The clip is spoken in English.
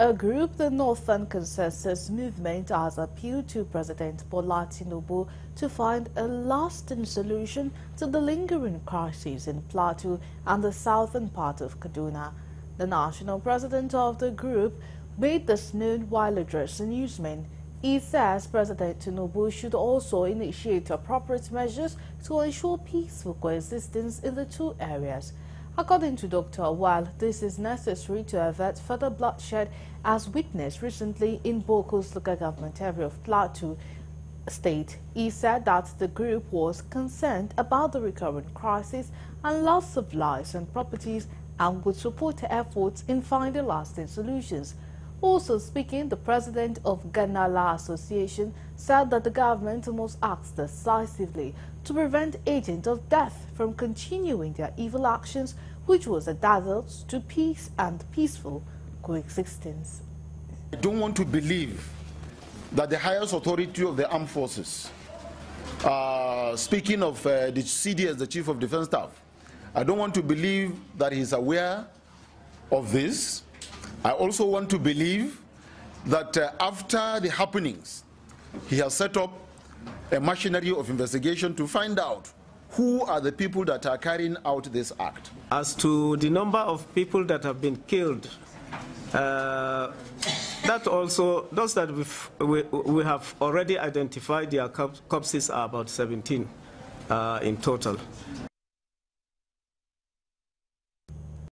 A group, the Northern Consensus Movement, has appealed to President Bola Tinubu to find a lasting solution to the lingering crisis in Plateau and the southern part of Kaduna. The national president of the group made this known while addressing newsmen. He says President Tinubu should also initiate appropriate measures to ensure peaceful coexistence in the two areas. According to Dr. Awal, this is necessary to avert further bloodshed as witnessed recently in Boko's local government area of Plateau State. He said that the group was concerned about the recurrent crisis and loss of lives and properties and would support efforts in finding lasting solutions. Also speaking, the president of Ganala Association said that the government must act decisively to prevent agents of death from continuing their evil actions, which was a dazzle to peace and peaceful coexistence. I don't want to believe that the highest authority of the armed forces, uh, speaking of uh, the CDS, the chief of defense staff, I don't want to believe that he's aware of this I also want to believe that uh, after the happenings, he has set up a machinery of investigation to find out who are the people that are carrying out this act. As to the number of people that have been killed, uh, that also, those that we, we have already identified their corpses are about 17 uh, in total.